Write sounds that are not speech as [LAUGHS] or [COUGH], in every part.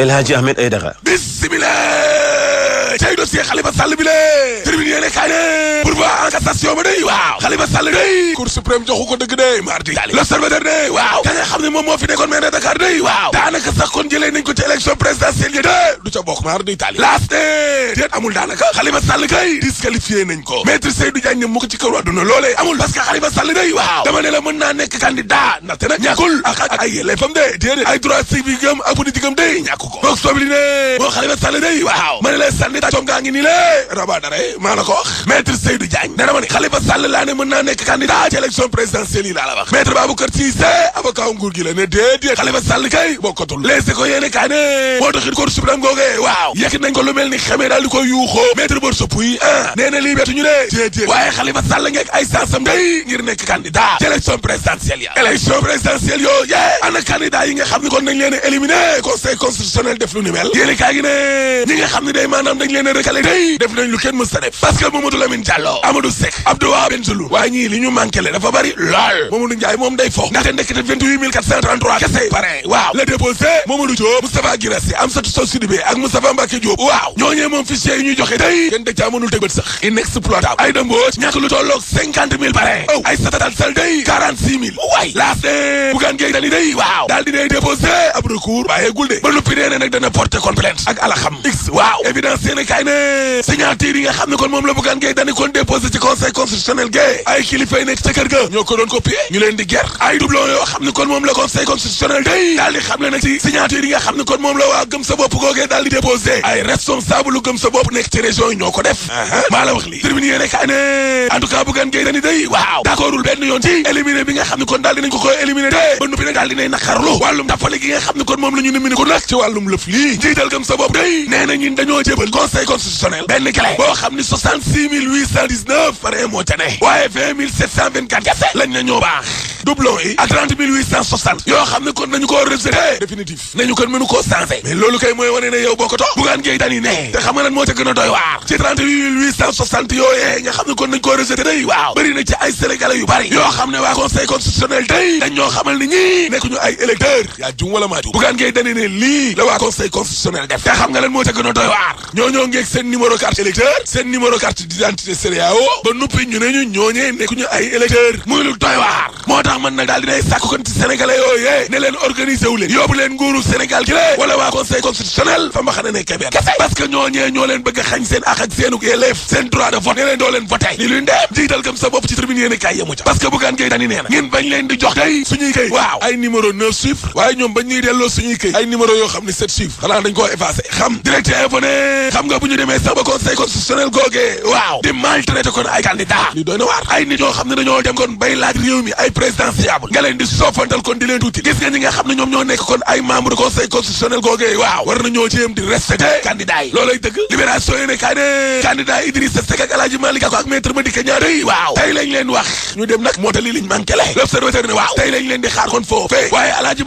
El Hadji Ahmed Aidara bismillah cay dossier Khalifa Sall bi lé termine yéene kaay ne pourvoi en cassation ba day waaw Khalifa Sall day Cour suprême joxu ko dëgg de mardi dali l'observateur de waaw ka xam ne moom moo fi nekkoon maire de Dakar day waaw daanaka sax kon jëlee nañ ko ci élection présidentielle yi du ca bokk mardi dali laas de déet amul daanaka Khalifa Sall kay waaw dama ne la mën naa nekk candidat ndaxte nag ñàkkul ak ay yelleefam de déedéet ay droit civique candidature ngaa ngi nii lée raba dara maa la ko wax maître Seydou Diagne ne dama ne Khalifa Sall ne mën naa nekk candidat ci élection présidentielle yi laa la wax maître Baboucar Cissé avocat nguur gi la ne déedéet Khalifa Sall kay bokkatul les ko yéene kaa ne moo taxit Cour suprême googee waaw yekk nañ ko lu ni xamee daal di koy yuuxoo maître Borso Pouy ah nee na lii bettu ñu ne déedéet waaye Khalifa Sall ngeeg ay sansam day ngir nekk candidat ci élection dañ leen moom day fo ndaxte ndekete 28433 kese parrain waaw la déposé ak Moustapha Mbacké Diop waaw ñooñee moom fichier yi ñuy joxe tey kenn da mënul tëg bët sax inexploitable ay dëmbooj ñàkk lu tolloog 50 000 parrain ay satatal sal day 46 waay laas de bugaan géej dani day waaw daal dinay déposé ab recours bàyyeegul de ba noppi nee ne nag dana porter plainte ak alaxam x waaw yéene kaay ne xam ne kon moom la Bougane Gueye Dany kon déposé conseil constitutionnel gay ay kilifa yi nekk ca ga ñoo ko doon copié ñu leen di ger ay doublon yoo xam ne kon moom la conseil constitutionnel day daal xam ne nag ci signature yi xam ne kon moom la waa gëm sa bopp googee déposé ay responsable lu gëm nekk ci région yi ko def uh-huh. maa la wax li tribune yéene kaay ne en day waaw d'accordul benn yoon ci éliminé bi nga ko koy conseil boo xam ne waaye 20724 kese lañ na ñoo baax doublon yi ak ne kon nañu koo rejeté définitif nañu kon mënu koo changé mais loolu kay mooy wane ne yow bokkatoo bugaan ngay xam ne kon nañu koo rejeté day waaw ci ay sénégalais yu bari yoo xam ne waa conseil constitutionnel day dañ ñoo xamal ni ñii nekkuñu ay électeur yaa jum wala maa jum bugaan ngay dani lii la waa conseil constitutionnel te xam nga lan moo ca gën a doy waar ñoo ngeeg seen numéro carte électeur seen numéro carte d'identité CEDEAO ba nuppi ñu ne ñu ñooñee nekkuñu ay électeur muy lu doy waar moo tax man nag daal dinay sàkku kon ci sénégalais yooyee ne leen organiser wu leen yóbbu leen nguuru Sénégal gi wala waa conseil constitutionnel fa ma xam ne ne kebeer kese ñoo leen bëgg xañ seen ak ak seenuk yelleef seen droit de vote ne leen doo leen voté li luy ndeem jiital kam sa bopp ci tribune yéen kaay nga bu ñu demee sax ba conseil constitutionnel googee waaw di maltraité ay candidat ay nit yoo xam ne dañoo dem kon bay laaj réew mi ay présidentiable nga leen di soofantal conseil constitutionnel waaw war na ñoo jéem di respecté candidat yi loolay dëgg libération yi ne kaa ne candidat Idrissa Seck ak Alaaji Malick Gakou ak maître Madické Niang yi waaw tey lañ leen wax ñu dem nag moo tali liñ manqué le ne tey lañ leen di xaar kon waaye Alaaji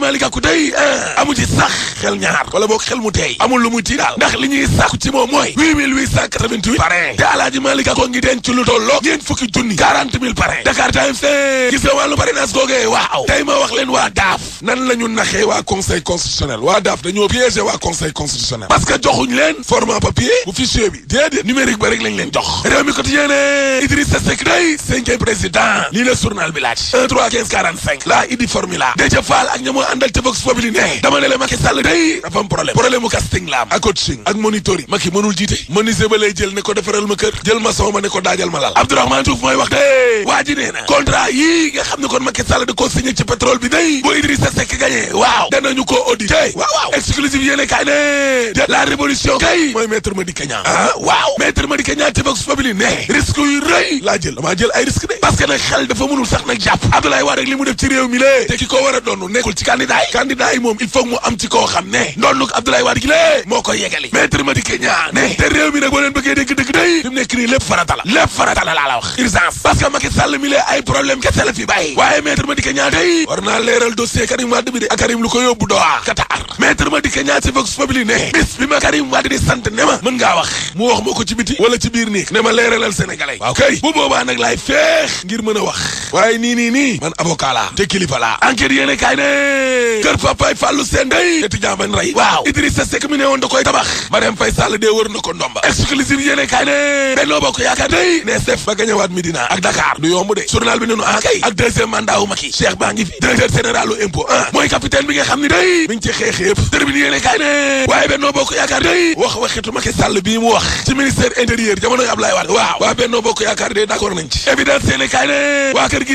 mooy 8888 parrain te alaaji lu tolloo ñeen fukki junni 40 000 parrain Dakar gis nga wàllu parrainage googee waaw tey ma wax leen waa daaf nan la naxee waa conseil constitutionnel waa daaf dañoo piégé waa conseil constitutionnel parce que leen format papier bu fichier bi déedéet numérique ba rek lañ leen jox réew mi quotidien ne Idrissa Seck day cinquième président lii la journal bi laaj 1 3 15 45 la idi ak ña àndal te Vox Populi ne mënul jiite menuisier ba lay jël ne ko defaral ma kër jël maçon ba ne ko daajal ma lal Abdourahmane waa ji xam ne kon Macky Sall da ko signé ci pétrole bi day bu Idrissa Seck gagné ko audité waaw waaw exclusive yéene kaay ne la révolution kay mooy maître Madické Niang ah waaw maître Madické Niang ci laa jël damaa jël ay risque de parce que nag xel dafa mënul sax nag jàpp Abdoulaye Wade rek li mu def ci réew mi lée te ki ko war a am ne ndoonnuk moo koy yegali maître Madické Niang ne te réew mi nag boo leen bëggee dégg dëgg day fi mu nekk nii lépp farata la lépp farata la laa la wax urgence parce que Macky Sall mi lee ay problème kese la fi bàyyi waaye maître Madické Niang day war naa leeral dossier Karim Wade bi di ak Karim lu ko yóbbu Doha Qatar maître Madické Niang ci Vox Populi ne bis bi ma Karim Wade di sant ne ma mën ngaa wax mu wax ma ko ci biti wala ci biir nii ne ma leeralal sénégalais waaw kay bu boobaa nag laay feex ngir mën a wax waaye nii nii nii man wër na ko ndomba exclusif yéene kaay ne Benno Bokk Yaakaar day ne sef ba gañëwaat Médina ak Dakar du yomb de journal bi ne nu ah kay ak deuxième mandat wu Macky Cheikh baa ngi fi directeur général u impôt mooy capitaine bi nga xam ne day mi ngi ci xeex yëpp termine yéene kaay ne waaye Benno Bokk Yaakaar day wax waxitu Macky Sall bii mu wax ci ministère intérieur jamonoy Abdoulaye Wade waaw waa Benno Bokk Yaakaar day d'accord nañ ci évidence yéene ne waa kër gi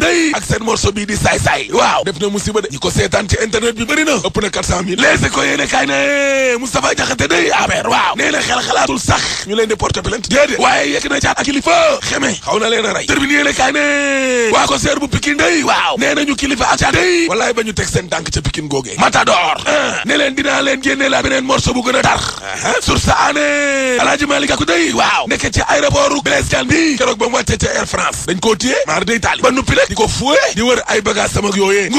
xalaatul sax ñu leen di porter plainte déedéet waaye yegg na caat ak kilifa xeme xaw leen a rey terminé yéene waa ko seer bu Pikine day waaw nee nañu kilifa ak caat day wallaay ba ñu teg seen tànk ca Pikine googee matador ah. ne leen leen génnee la beneen morceau bu gën a tar ah. sur sa année alaaji Malick Gakou day waaw nekk ci aéroport Blaise Diagne bi keroog ba mu wàccee ca Air France dañ koo maar day taali ba nuppi nag di ko fuwe di wër ay bagage samak yooyee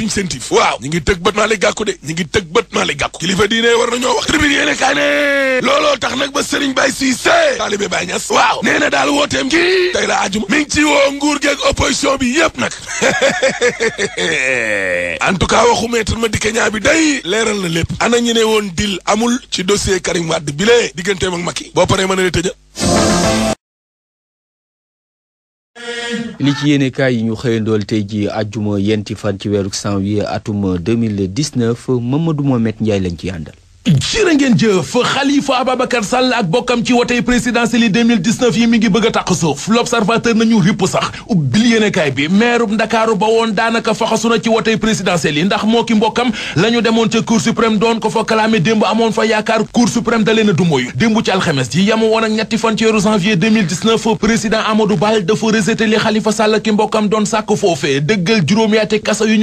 Wow, sentif ñi ngi tëg bët Kita lay de ñi ngi kilifa diine war wax tax ba Serigne [LAUGHS] li ci yéene kaay yi ñu xëyandool tey ji àjjuma yenti fan ci weeru janvier atum 2019 Mamadou Mohamed Ndiaye lañ ci àndal jërë ngeen jëf Khalifa Ababacar Sall ak bokkam ci wotey présidentielle yi 2019 yi mi ngi bëgg a taq suuf l'observateur nañu ripp sax ubbil yéenekaay bi meerub ndakaaru ba woon daanaka faxasu ci wotey présidentielle yi ndax moo ki mbokkam la demoon ca cour suprême doon ko fa démb amoon fa yaakaar cour suprême da leen a dumoyu démb ci alxames ji yamu woon ak ñetti fan ci weeru président Amadou Bal dafa rejeté li Khalifa Sall ki mbokkam doon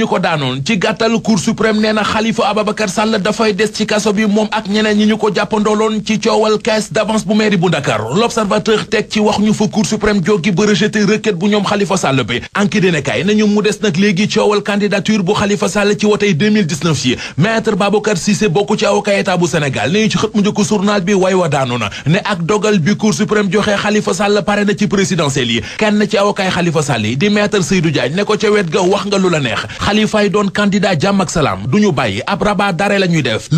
ko daanoon ci gàttal cour suprême nee na Khalifa Ababacar Sall dafay des moom ak ñeneen ñi ñu ko jàppandooloon ci coowal caisse d'avance bu mairie bu Dakar l'observateur teg ci wax ñu fa cour suprême jógi ba rejeté requête bu ñoom Khalifa Sall bi enquête dina nañu mu des nag léegi coowal candidature bu Khalifa Sall ci wotey 2019 yi maître Babacar Cissé bokk ci avocat état bu Sénégal ne ñu xët mu njëkk journal bi way wa daanu na ne ak dogal bi cour suprême joxe Khalifa Sall pare na ci présidentielle yi kenn ci avocat Khalifa Sall yi di maître Seydou Diagne ne ko ca wet ga wax nga lu la neex Khalifa yi doon candidat jàmm ak salaam duñu bàyyi ab rabat d'arrêt la ñuy def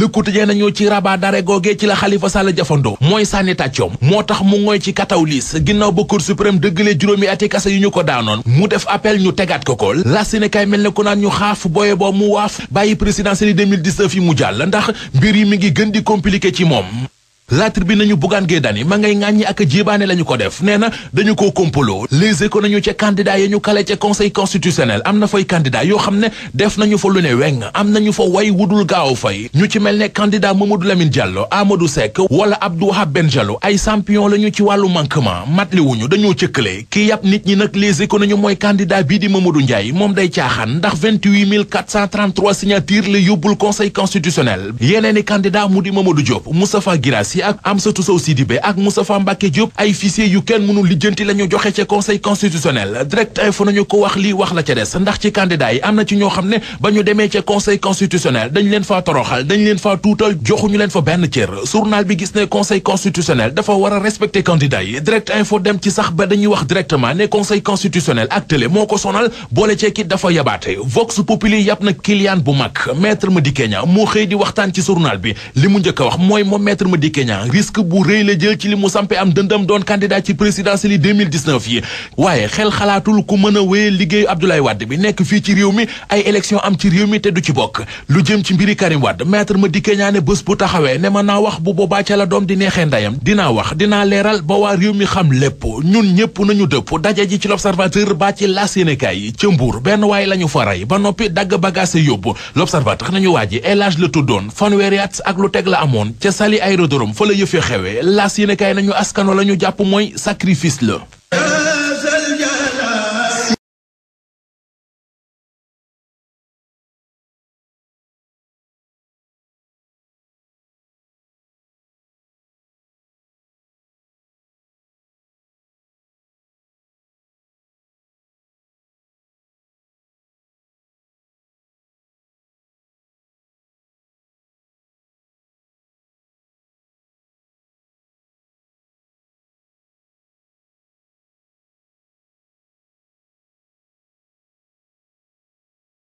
gaañoo ci rabat d'arrêt googee ci la xalifa Sall jafandoo mooy sànni tàccoom moo tax mu ngooy ci kataw liis ginnaaw ba Cour suprême dëggalee juróomi ati yu ñu ko daanoon mu def appel ñu tegaat ko ko la Sénégal mel ne ku naan ñu xaaf booye boo mu waaf bàyyi présidentielle yi 2019 yi mu jàll ndax mbir yi mi ngi gën di compliqué ci moom la tribune nañu bugan ge dani ma ngay ngagne ak jibané lañu ko def néna dañu ko compolo les éco nañu ci candidat yañu calé kale conseil constitutionnel amna fay candidat yo xamné def nañu fa lu weng Amna nañu fa way wudul gaaw fay ñu ci melné candidat Mamadou Lamine Diallo Amadou sek wala Abdou Wahab Ben Diallo ay champion la ci walu manquement matli wuñu dañoo cëkkale ki yap nit ñi nak les éco nañu moy candidat bi di Mamadou ndjay mom day tiaxan ndax 28433 433 signature le yóbbul conseil constitutionnel yeneeni candidat mudi Mamadou Diop Moustapha girassi yi ak Amsatou Sow Sidibé ak Moustapha Mbacké Diop ay fichier yu kenn mënul lijjanti la ñu joxe ca conseil constitutionnel direct info nañu ko wax lii wax la ca des ndax ci candidat yi am na ci ñoo xam ne ba ñu demee ca conseil constitutionnel dañ leen faa toroxal dañ leen faa tuutal joxuñu leen fa benn cër journal bi gis ne conseil constitutionnel dafa war a respecter candidat yi direct info dem ci sax ba dañuy wax directement ne conseil constitutionnel ak télé moo ko sonal boole cee kit dafa yabaate vox populi yàpp na Kylian bu xëy di waxtaan ci journal bi mu njëkk a wax mooy moom maître Madické Niang Niang risque bu rëy la jël ci li mu sampe am dëndam doon candidat ci présidentielle yi yi waaye xel xalaatul ku mën a liggéeyu Abdoulaye Wade bi nekk fii ci réew mi ay élection am ci réew mi te du ci bokk lu jëm ci mbiri Karim Wade maître ma dikkee ñaane bés bu taxawee ne ma naa wax bu boobaa ca la doom di neexee ndayam dinaa wax dinaa leeral ba waa réew mi xam lépp ñun ñëpp nañu dëpp daje ji ci l'observateur ba ci la Sénégal yi ca Mbuur benn waaye fa la yëfee xewee laas yéen a kaay nañu askano la ñu jàpp mooy sacrifice la